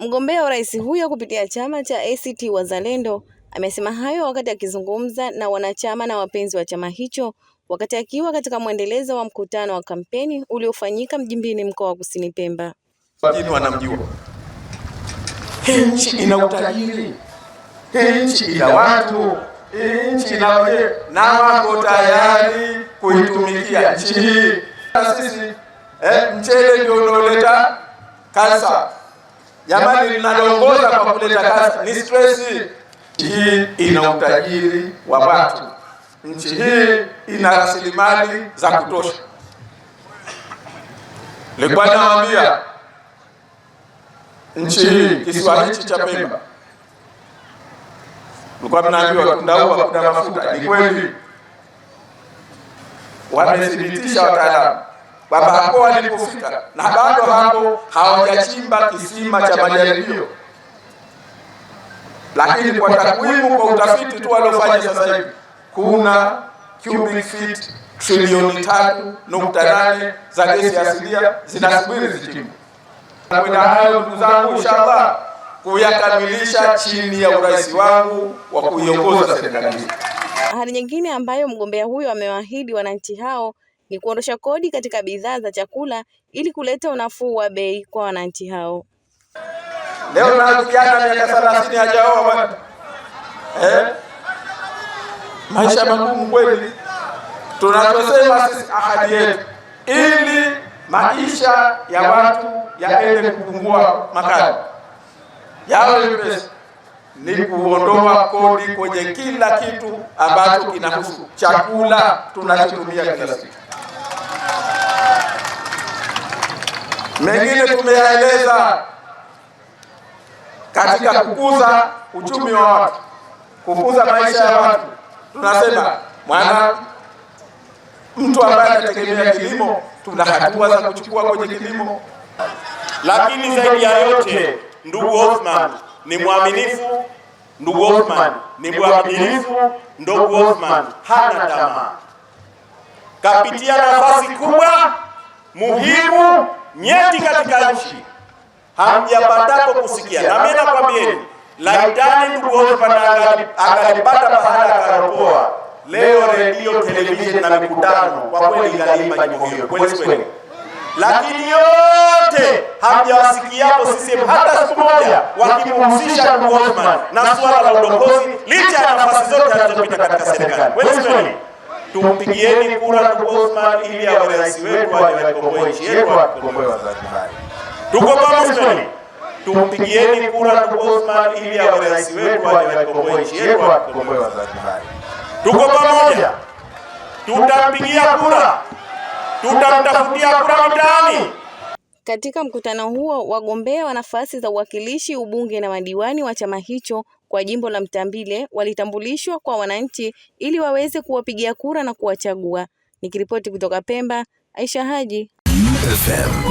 Mgombea urais huyo kupitia chama cha ACT Wazalendo amesema hayo wakati akizungumza na wanachama na wapenzi wa chama hicho wakati akiwa katika mwendelezo wa mkutano wa kampeni uliofanyika Mjimbini mkoa wa Kusini Pemba. Wajini wanamjua. Hii nchi ina utajiri. nchi ina watu. Hii nchi ina wenyewe na wako tayari kuitumikia nchi hii. Sisi eh, mchele ndio unaoleta kansa Jamani, linaloongoza kwa kuleta kazi ni stress. Hii ina utajiri wa watu, nchi hii ina rasilimali za kutosha. Nilikuwa nawaambia nchi hii, kisiwa hichi cha Pemba, nilikuwa mnaambiwa tundaua kuna mafuta. Ni kweli, wamethibitisha wataalamu baba hapo walipofika, na bado hapo hawajachimba kisima cha majaribio, lakini kwa takwimu, kwa utafiti tu waliofanya sasa hivi kuna cubic feet trilioni tatu nukta nane za gesi asilia zinasubiri zichimbwe. Nakwenda hayo ndugu zangu, inshallah kuyakamilisha chini ya urais wangu wa kuiongoza serikali hii. Ahadi nyingine ambayo mgombea huyo amewaahidi wananchi hao ni kuondosha kodi katika bidhaa za chakula ili kuleta unafuu wa bei kwa wananchi hao. Leo na miaka thelathini hajaoa eh, maisha magumu kweli. Tunachosema sisi ahadi yetu, ili maisha ya watu yaende kupungua makali yawe pesa ni kuondoa kodi kwenye kila kitu ambacho kinahusu chakula tunachotumia kila siku. Mengine tumeyaeleza katika kukuza uchumi wa watu, kukuza maisha ya watu. Tunasema mwana mtu ambaye anategemea kilimo, tuna hatua za kuchukua kwenye kilimo. Lakini zaidi ya yote, ndugu Othman ni mwaminifu, ndugu Othman ni mwaminifu ndugu Othman hana tamaa, kapitia nafasi kubwa muhimu nyeti katika nchi hamjapatapo kusikia. Na mimi nakwambieni, laitani ndugu wote akalipata pahala akaropoa, leo redio, televisheni na mikutano kwa kweli ingalipa jimbo hiyo kweli kweli, lakini yote hamjawasikiapo sisi hata siku moja wakimuhusisha ndugu Othman na suala la udongozi, licha ya nafasi zote alizopita katika serikali kweli kweli tumpigieni kura ndugu Othman ili awe rais wetu aje atukomboe nchi yetu atukomboe Wazanzibari. Tuko pamoja, tumpigieni kura ndugu Othman ili awe rais wetu aje atukomboe nchi yetu atukomboe Wazanzibari. Tuko pamoja, tutampigia kura, tutamtafutia kura mtaani. Katika mkutano huo wagombea wa nafasi za uwakilishi, ubunge na madiwani wa chama hicho kwa jimbo la Mtambile walitambulishwa kwa wananchi ili waweze kuwapigia kura na kuwachagua. Nikiripoti kutoka Pemba, Aisha Haji FM.